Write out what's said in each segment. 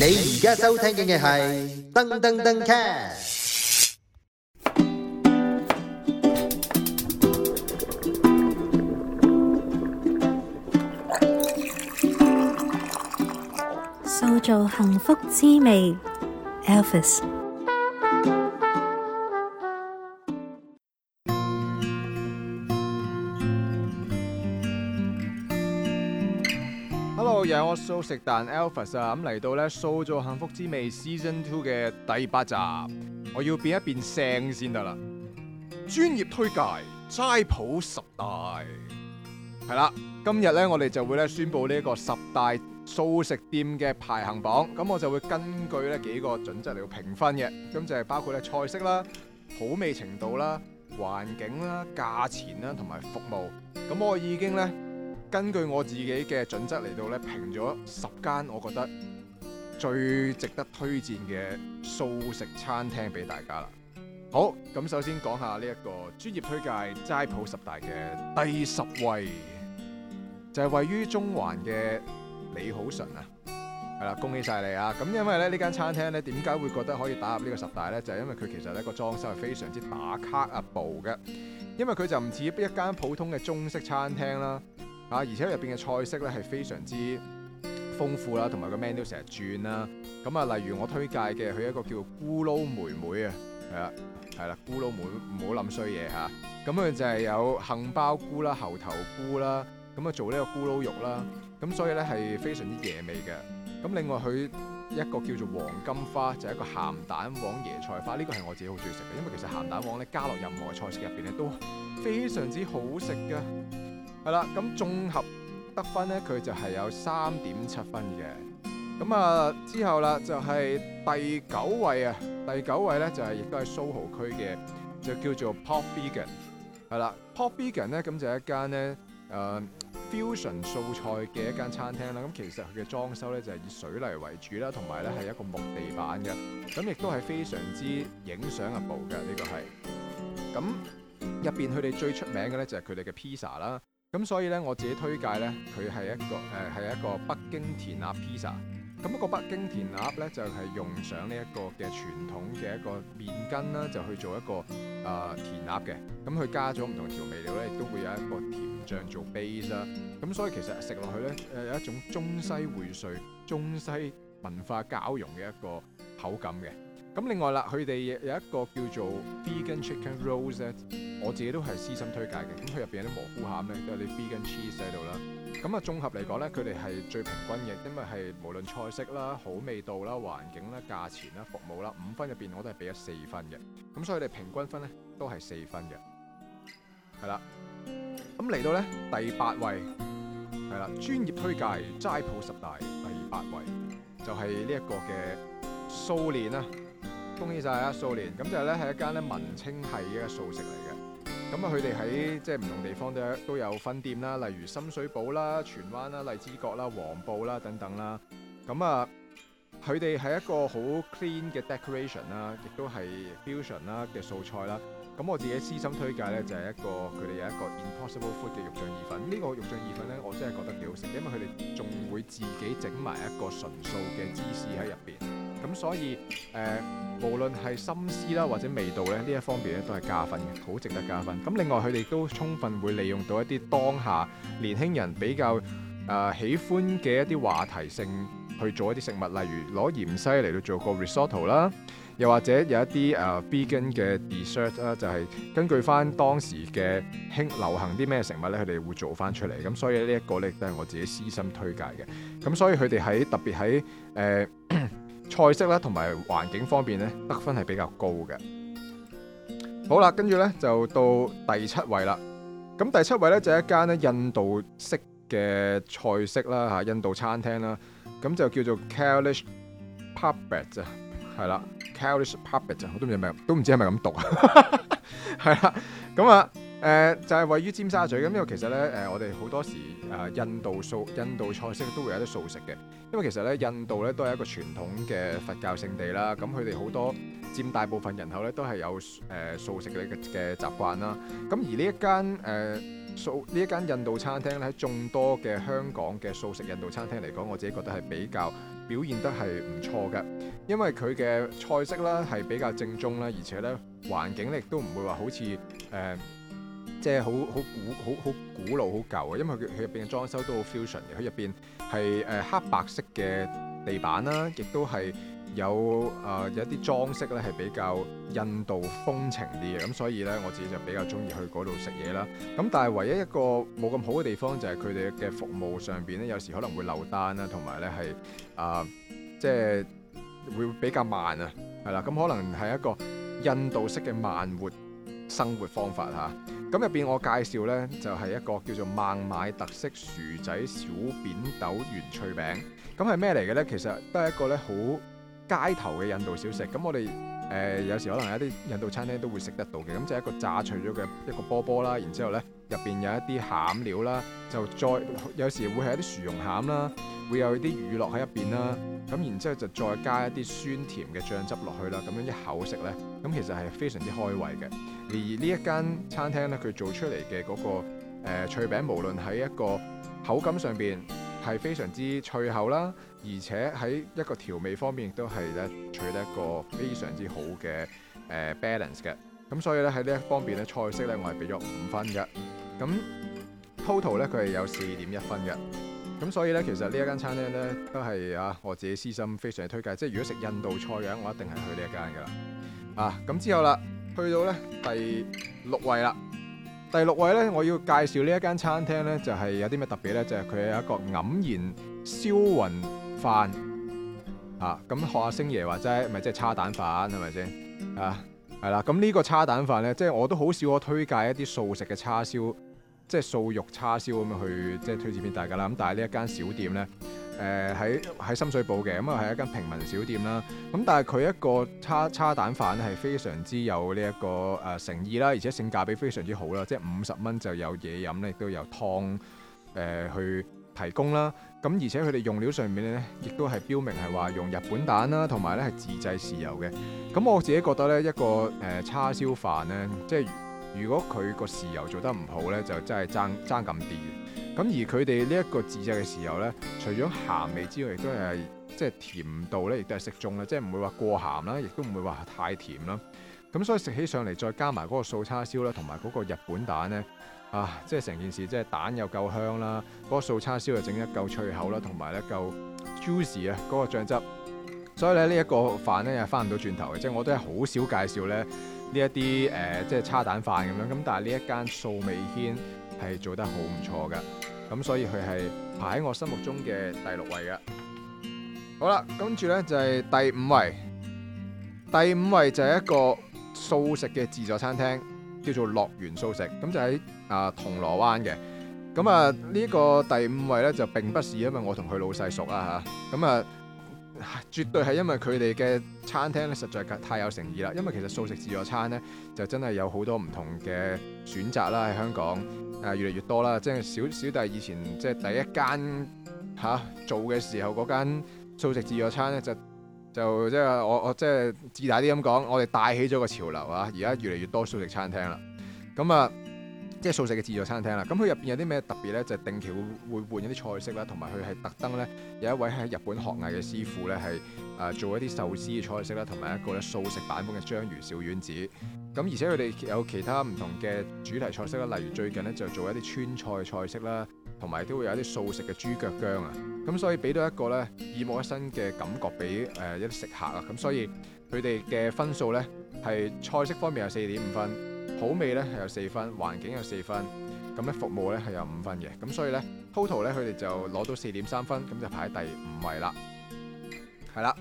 你而家收聽嘅係噔噔噔 cast，塑造幸福滋味，Elvis。又係我素食達人 Elvis 啊，咁嚟到咧，塑造幸福滋味 Season Two 嘅第八集，我要變一變聲先得啦。專業推介齋鋪十大，係啦，今日咧我哋就會咧宣布呢一個十大素食店嘅排行榜。咁我就會根據呢幾個準則嚟到評分嘅，咁就係包括咧菜式啦、好味程度啦、環境啦、價錢啦同埋服務。咁我已經咧。根據我自己嘅準則嚟到咧，評咗十間，我覺得最值得推薦嘅素食餐廳俾大家啦。好，咁，首先講下呢一個專業推介齋普十大嘅第十位就係位於中環嘅李好純啊。係啦，恭喜晒你啊！咁因為咧呢間餐廳咧，點解會覺得可以打入呢個十大咧？就係因為佢其實咧個裝修係非常之打卡啊部嘅，因為佢就唔似一間普通嘅中式餐廳啦。啊！而且入邊嘅菜式咧係非常之豐富啦，同埋個 menu 成日轉啦。咁啊，例如我推介嘅佢一個叫咕嚕妹妹，妹，妹啊，係啊，係啦，咕嚕妹唔好諗衰嘢吓。咁佢就係有杏鮑菇啦、猴頭菇啦，咁啊做呢個咕嚕肉啦。咁所以咧係非常之惹味嘅。咁另外佢一個叫做黃金花，就係、是、一個鹹蛋黃椰菜花。呢、這個係我自己好中意食嘅，因為其實鹹蛋黃咧加落任何嘅菜式入邊咧都非常之好食㗎。係啦，咁綜合得分咧，佢就係有三點七分嘅。咁啊、呃，之後啦，就係、是、第九位啊，第九位咧就係亦都喺蘇豪區嘅，就叫做 Pop Vegan。係啦，Pop Vegan 咧咁就係、是、一間咧誒 fusion 素菜嘅一間餐廳啦。咁其實佢嘅裝修咧就係、是、以水泥為主啦，同埋咧係一個木地板嘅。咁亦都係非常之影相嘅部嘅呢個係。咁入邊佢哋最出名嘅咧就係、是、佢哋嘅 pizza 啦。咁所以咧，我自己推介咧，佢係一個誒，係、呃、一個北京填鴨 pizza。咁一個北京填鴨咧，就係、是、用上呢一個嘅傳統嘅一個麵筋啦，就去做一個誒填鴨嘅。咁、呃、佢加咗唔同調味料咧，亦都會有一個甜醬做 base 啦、啊。咁所以其實食落去咧，誒有一種中西薈萃、中西文化交融嘅一個口感嘅。咁另外啦，佢哋有一個叫做 vegan chicken rolls e 我自己都係私心推介嘅。咁佢入有啲蘑菇餡咧，都有啲 vegan cheese 喺度啦。咁啊綜合嚟講咧，佢哋係最平均嘅，因為係無論菜式啦、好味道啦、環境啦、價錢啦、服務啦，五分入邊我都係俾咗四分嘅。咁所以佢哋平均分咧都係四分嘅，係啦。咁嚟到咧第八位，係啦，專業推介齋鋪十大第八位就係呢一個嘅蘇連啊。恭喜晒啊！素年咁就咧係一間咧文青系嘅素食嚟嘅。咁啊佢哋喺即係唔同地方都都有分店啦，例如深水埗啦、荃灣啦、荔枝角啦、黃埔啦等等啦。咁啊佢哋係一個好 clean 嘅 decoration 啦，亦都係 fusion 啦嘅素菜啦。咁我自己私心推介咧就係，是，一個佢哋有一個 Impossible Food 嘅肉醬意粉。呢，這個肉醬意粉咧我真係覺得幾好食，因為佢哋仲會自己整埋一個純素嘅芝士喺入邊。咁所以誒，無論係心思啦，或者味道咧呢一方面咧，都係加分嘅，好值得加分。咁另外佢哋都充分會利用到一啲當下年輕人比較誒喜歡嘅一啲話題性去做一啲食物，例如攞芫茜嚟到做個 risotto 啦，又或者有一啲誒 vegan 嘅 dessert 啦，就係根據翻當時嘅興流行啲咩食物咧，佢哋會做翻出嚟。咁所以呢一個咧都係我自己私心推介嘅。咁所以佢哋喺特別喺誒。菜式咧同埋環境方面咧得分係比較高嘅，好啦，跟住咧就到第七位啦。咁第七位咧就係一間咧印度式嘅菜式啦嚇，印度餐廳啦，咁就叫做 Kailash Parbat 啊，係啦，Kailash Parbat 啊，我都唔知名，都唔知係咪咁讀啊，係 啦，咁啊。誒、呃、就係、是、位於尖沙咀咁，呢個其實咧，誒、呃、我哋好多時誒、啊、印度素印度菜式都會有啲素食嘅，因為其實咧，印度咧都係一個傳統嘅佛教聖地啦。咁佢哋好多佔大部分人口咧，都係有誒、呃、素食嘅嘅習慣啦。咁而呢一間誒、呃、素呢一間印度餐廳咧，喺眾多嘅香港嘅素食印度餐廳嚟講，我自己覺得係比較表現得係唔錯嘅，因為佢嘅菜式啦係比較正宗啦，而且咧環境咧亦都唔會話好似誒、呃即係好好古好好古老好舊嘅，因為佢佢入邊嘅裝修都好 fusion 嘅。佢入邊係誒黑白色嘅地板啦，亦都係有誒、呃、有一啲裝飾咧係比較印度風情啲嘅。咁所以咧我自己就比較鍾意去嗰度食嘢啦。咁但係唯一一個冇咁好嘅地方就係佢哋嘅服務上邊咧，有時可能會漏單啦，同埋咧係啊，即係會比較慢啊。係啦，咁可能係一個印度式嘅慢活生活方法吓。咁入邊我介紹咧就係、是、一個叫做孟買特色薯仔小扁豆圓脆餅，咁係咩嚟嘅咧？其實都係一個咧好街頭嘅印度小食，咁我哋誒、呃、有時可能一啲印度餐廳都會食得到嘅，咁就係一個炸脆咗嘅一個波波啦，然之後咧。入邊有一啲餡料啦，就再有時會係一啲薯蓉餡啦，會有啲魚落喺入邊啦。咁然之後就再加一啲酸甜嘅醬汁落去啦。咁樣一口食呢，咁其實係非常之開胃嘅。而呢一間餐廳呢，佢做出嚟嘅嗰個、呃、脆餅，無論喺一個口感上邊係非常之脆口啦，而且喺一個調味方面亦都係咧取得一個非常之好嘅誒 balance 嘅。咁、呃、所以咧喺呢一方面咧菜式呢，我係俾咗五分嘅。咁 total 咧佢係有四點一分嘅，咁所以咧其實呢一間餐廳咧都係啊我自己私心非常推介，即係如果食印度菜樣，我一定係去呢一間噶啦。啊咁之後啦，去到咧第六位啦，第六位咧我要介紹呢一間餐廳咧就係有啲咩特別咧，就係佢有一個黯然銷魂飯。啊咁學阿星爺話齋咪即係叉蛋飯係咪先？啊係啦，咁呢個叉蛋飯咧，即係我都好少我推介一啲素食嘅叉燒。即係素肉叉燒咁樣去即係推薦俾大家啦。咁但係呢一間小店咧，誒喺喺深水埗嘅，咁啊係一間平民小店啦。咁、嗯、但係佢一個叉叉蛋飯咧係非常之有呢一個誒誠意啦，而且性價比非常之好啦。即係五十蚊就有嘢飲咧，亦都有湯誒、呃、去提供啦。咁、嗯、而且佢哋用料上面咧亦都係標明係話用日本蛋啦，同埋咧係自製豉油嘅。咁我自己覺得咧一個誒、呃、叉燒飯咧，即係。如果佢個豉油做得唔好咧，就真係爭爭咁啲嘅。咁而佢哋呢一個自製嘅豉油咧，除咗鹹味之外，亦都係即係甜度咧，亦都係適中啦，即係唔會話過鹹啦，亦都唔會話太甜啦。咁所以食起上嚟，再加埋嗰個素叉燒啦，同埋嗰個日本蛋咧，啊，即係成件事，即係蛋又夠香啦，嗰個素叉燒又整得夠脆口啦，同埋咧夠 juicy 啊，嗰個醬汁。所以咧呢一個飯咧又返唔到轉頭嘅，即係我都係好少介紹咧。呢一啲誒，即係叉蛋飯咁樣，咁但係呢一間素味牽係做得好唔錯嘅，咁所以佢係排喺我心目中嘅第六位嘅。好啦，跟住咧就係、是、第五位，第五位就係一個素食嘅自助餐廳，叫做樂園素食，咁就喺啊銅鑼灣嘅。咁啊呢、這個第五位咧就並不是因為我同佢老細熟啊嚇，咁啊。絕對係因為佢哋嘅餐廳咧，實在太有誠意啦！因為其實素食自助餐咧，就真係有好多唔同嘅選擇啦，喺香港誒、啊、越嚟越多啦。即、就、係、是、小小弟以前即係、就是、第一間嚇、啊、做嘅時候嗰間素食自助餐咧，就就即係、就是、我我即係自大啲咁講，我哋帶起咗個潮流啊！而家越嚟越多素食餐廳啦，咁啊～即係素食嘅自助餐廳啦，咁佢入邊有啲咩特別咧？就係、定期會會換一啲菜式啦，同埋佢係特登咧有一位喺日本學藝嘅師傅咧係誒做一啲壽司嘅菜式啦，同埋一個咧素食版本嘅章魚小丸子。咁而且佢哋有其他唔同嘅主題菜式啦，例如最近咧就做一啲川菜菜式啦，同埋都會有一啲素食嘅豬腳薑啊。咁所以俾到一個咧耳目一新嘅感覺俾誒一啲食客啊。咁所以佢哋嘅分數咧係菜式方面有四點五分。好味咧係有四分，環境有四分，咁咧服務咧係有五分嘅，咁所以咧 total 咧佢哋就攞到四點三分，咁就排喺第五位啦，係啦，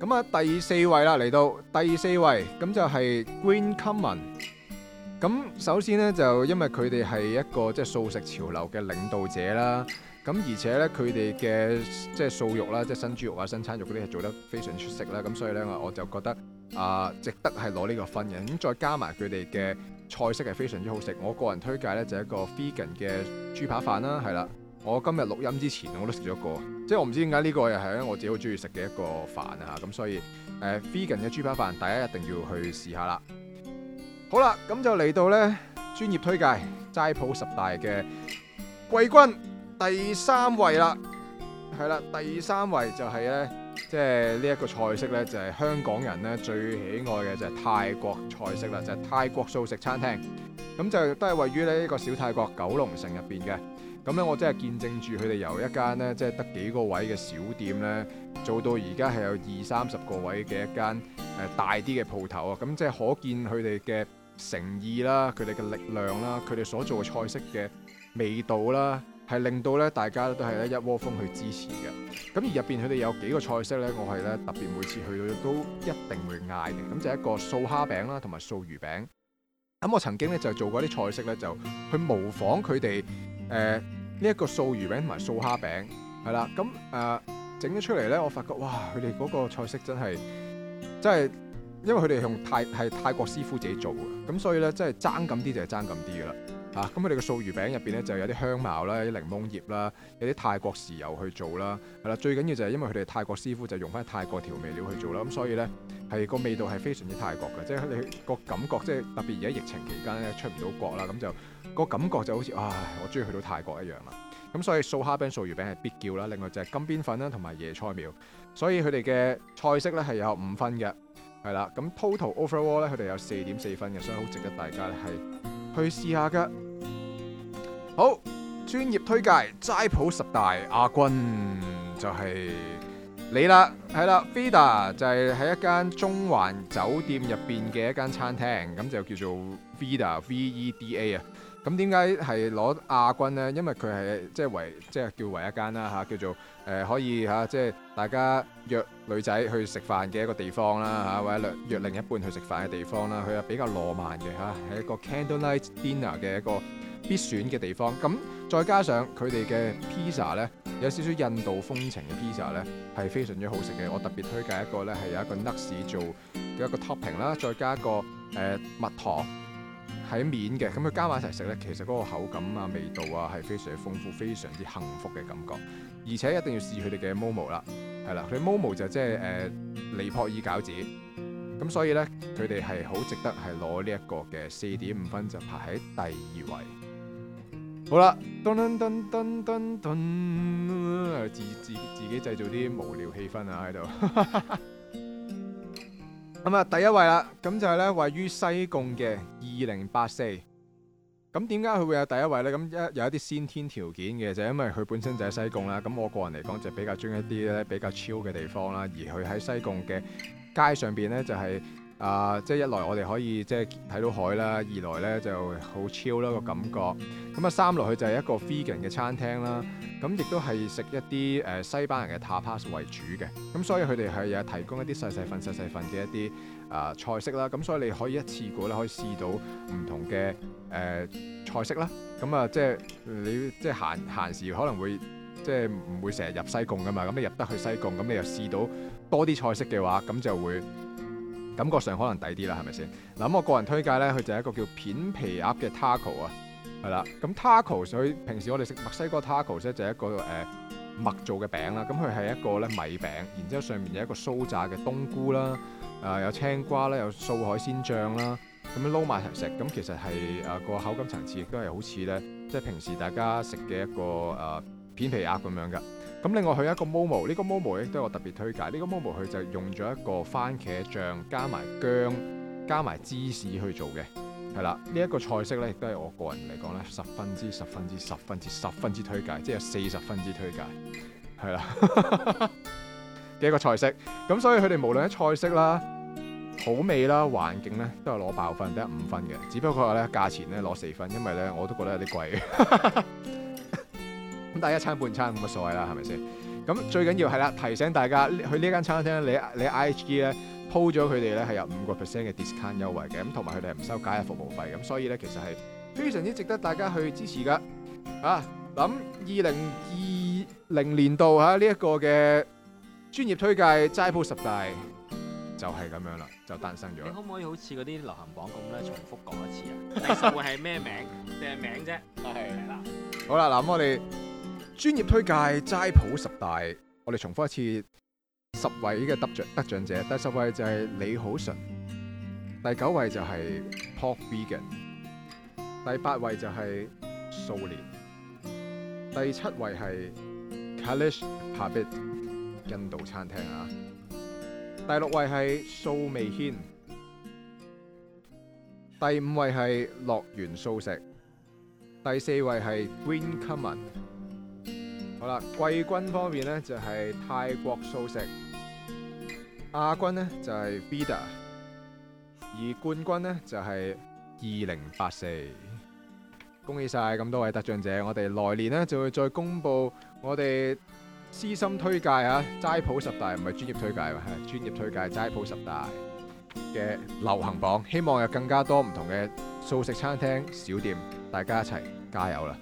咁啊第四位啦，嚟到第四位，咁就係 Green Common，咁首先咧就因為佢哋係一個即係、就是、素食潮流嘅領導者啦。咁而且咧，佢哋嘅即係素肉啦，即係新豬肉啊、新餐肉嗰啲係做得非常出色啦。咁所以咧，我就覺得啊、呃，值得係攞呢個分嘅。咁再加埋佢哋嘅菜式係非常之好食。我個人推介咧就係、是、一個 vegan 嘅豬扒飯啦，係啦。我今日錄音之前我都食咗一個，即係我唔知點解呢個又係我自己好中意食嘅一個飯啊。咁所以誒、呃、vegan 嘅豬扒飯大家一,一定要去試下啦。好啦，咁就嚟到咧專業推介齋鋪十大嘅季軍。第三位啦，係啦，第三位就係咧，即係呢一個菜式咧，就係香港人咧最喜愛嘅就係泰國菜式啦，就係泰國素食餐廳，咁就都係位於呢一個小泰國九龍城入邊嘅。咁咧，我真係見證住佢哋由一間咧即係得幾個位嘅小店咧，做到而家係有二三十個位嘅一間誒大啲嘅鋪頭啊。咁即係可見佢哋嘅誠意啦，佢哋嘅力量啦，佢哋所做嘅菜式嘅味道啦。係令到咧，大家都係咧一窩蜂去支持嘅。咁而入邊佢哋有幾個菜式咧，我係咧特別每次去到都一定會嗌嘅。咁就一個素蝦餅啦，同埋素魚餅。咁我曾經咧就是、做過啲菜式咧，就去模仿佢哋誒呢一個素魚餅同埋素蝦餅，係啦。咁誒整咗出嚟咧，我發覺哇，佢哋嗰個菜式真係真係，因為佢哋用泰係泰國師傅自己做嘅，咁所以咧真係爭咁啲就係爭咁啲㗎啦。嚇，咁佢哋嘅素魚餅入邊咧就有啲香茅啦、有啲檸檬葉啦、有啲泰國豉油去做啦，係啦，最緊要就係因為佢哋泰國師傅就用翻泰國調味料去做啦，咁所以咧係個味道係非常之泰國嘅，即係佢哋個感覺，即係特別而家疫情期間咧出唔到國啦，咁就個感覺就好似啊我中意去到泰國一樣啦。咁所以素蝦餅、素魚餅係必叫啦，另外就係金邊粉啦同埋椰菜苗。所以佢哋嘅菜式咧係有五分嘅，係啦，咁 total overall 咧佢哋有四點四分嘅，所以好值得大家係。去試下噶，好專業推介齋普十大亞軍就係你啦，係啦，VEDA 就係喺一間中環酒店入邊嘅一間餐廳，咁就叫做 VEDA，V E D A 啊，咁點解係攞亞軍呢？因為佢係即係為即係叫為一間啦吓，叫做誒、呃、可以吓即係大家約。女仔去食飯嘅一個地方啦，嚇，或者約約另一半去食飯嘅地方啦，佢係比較浪漫嘅嚇，係一個 candlelight dinner 嘅一個必選嘅地方。咁再加上佢哋嘅 pizza 咧，有少少印度風情嘅 pizza 咧，係非常之好食嘅。我特別推介一個咧，係有一個 nuts 做嘅一個 topping 啦，再加一個誒、呃、蜜糖喺面嘅。咁佢加埋一齊食咧，其實嗰個口感啊、味道啊，係非常之豐富、非常之幸福嘅感覺。而且一定要試佢哋嘅 momo 啦。係啦，佢 Momo 就即係誒尼泊爾餃子，咁所以咧佢哋係好值得係攞呢一個嘅四點五分就排喺第二位。好啦，噔噔噔噔噔，噔，噔，噔，啊，自自自己製造啲無聊氣氛啊喺度。咁啊， 嗯，第一位啦，咁就係咧位於西貢嘅二零八四。咁點解佢會有第一位呢？咁有一啲先天條件嘅，就是、因為佢本身就喺西貢啦。咁我個人嚟講，就比較中意一啲比較超嘅地方啦。而佢喺西貢嘅街上面呢，就係、是。啊，即係一來我哋可以即係睇到海啦，二來咧就好 chill 啦個感覺。咁啊三來佢就係一個 fusion 嘅餐廳啦，咁、啊、亦都係食一啲誒、呃、西班牙人嘅 tapas 為主嘅。咁、啊、所以佢哋係有提供一啲細細份細細份嘅一啲啊菜式啦。咁、啊、所以你可以一次過咧可以試到唔同嘅誒、呃、菜式啦。咁啊、啊即係你即係閒閒時可能會即係唔會成日入西貢噶嘛。咁你入得去西貢，咁你又試到多啲菜式嘅話，咁就會。感覺上可能抵啲啦，係咪先？嗱咁，我個人推介咧，佢就係一個叫片皮鴨嘅 taco 啊，係啦。咁 taco，所以平時我哋食墨西哥 taco 咧，就係一個誒麥、呃、做嘅餅啦。咁佢係一個咧米餅，然之後上面有一個酥炸嘅冬菇啦，啊、呃、有青瓜啦，有素海鮮醬啦，咁樣撈埋食。咁其實係啊個口感層次亦都係好似咧，即、就、係、是、平時大家食嘅一個啊、呃、片皮鴨咁樣㗎。咁另外佢有一個 Momo 呢個 Momo 亦都有特別推介。呢、這個 Momo 佢就用咗一個番茄醬加埋薑加埋芝士去做嘅，係啦。呢、這、一個菜式咧亦都係我個人嚟講咧十分之十分之十分之十分之推介，即係四十分之推介，係啦嘅一個菜式。咁所以佢哋無論喺菜式啦、好味啦、環境咧，都係攞爆分，得五分嘅。只不過咧價錢咧攞四分，因為咧我都覺得有啲貴。 大一餐半餐冇乜所謂啦，係咪先？咁最緊要係啦，提醒大家去呢間餐廳，你你 IG 咧鋪咗佢哋咧係有五個 percent 嘅 discount 優惠嘅，咁同埋佢哋係唔收假日服務費嘅，咁所以咧其實係非常之值得大家去支持噶。啊，咁二零二零年度嚇呢一個嘅專業推介齋鋪十大就係咁樣啦，就誕生咗。你可唔可以好似嗰啲流行榜咁咧，重複講一次啊？第十位係咩名？咩名啫？係啦。好啦，嗱咁我哋。專業推介齋普十大，我哋重複一次十位嘅得獎得獎者，第十位就係李好純，第九位就係 Pop Vegan，第八位就係素年，第七位係 Kailash Parbat 印度餐廳啊，第六位係素味牽，第五位係樂園素食，第四位係 Green Common。好啦，季軍方面呢就係、是、泰國素食，亞軍呢就係、是、VEDA，而冠軍呢就係二零八四。恭喜晒咁多位得獎者！我哋來年呢就會再公布我哋私心推介啊齋普十大，唔係專業推介，係專業推介齋普十大嘅流行榜。希望有更加多唔同嘅素食餐廳小店，大家一齊加油啦！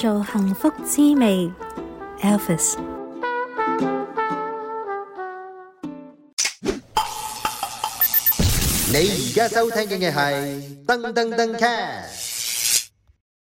做幸福滋味，Elvis。你而家收聽嘅係燈登登 cast。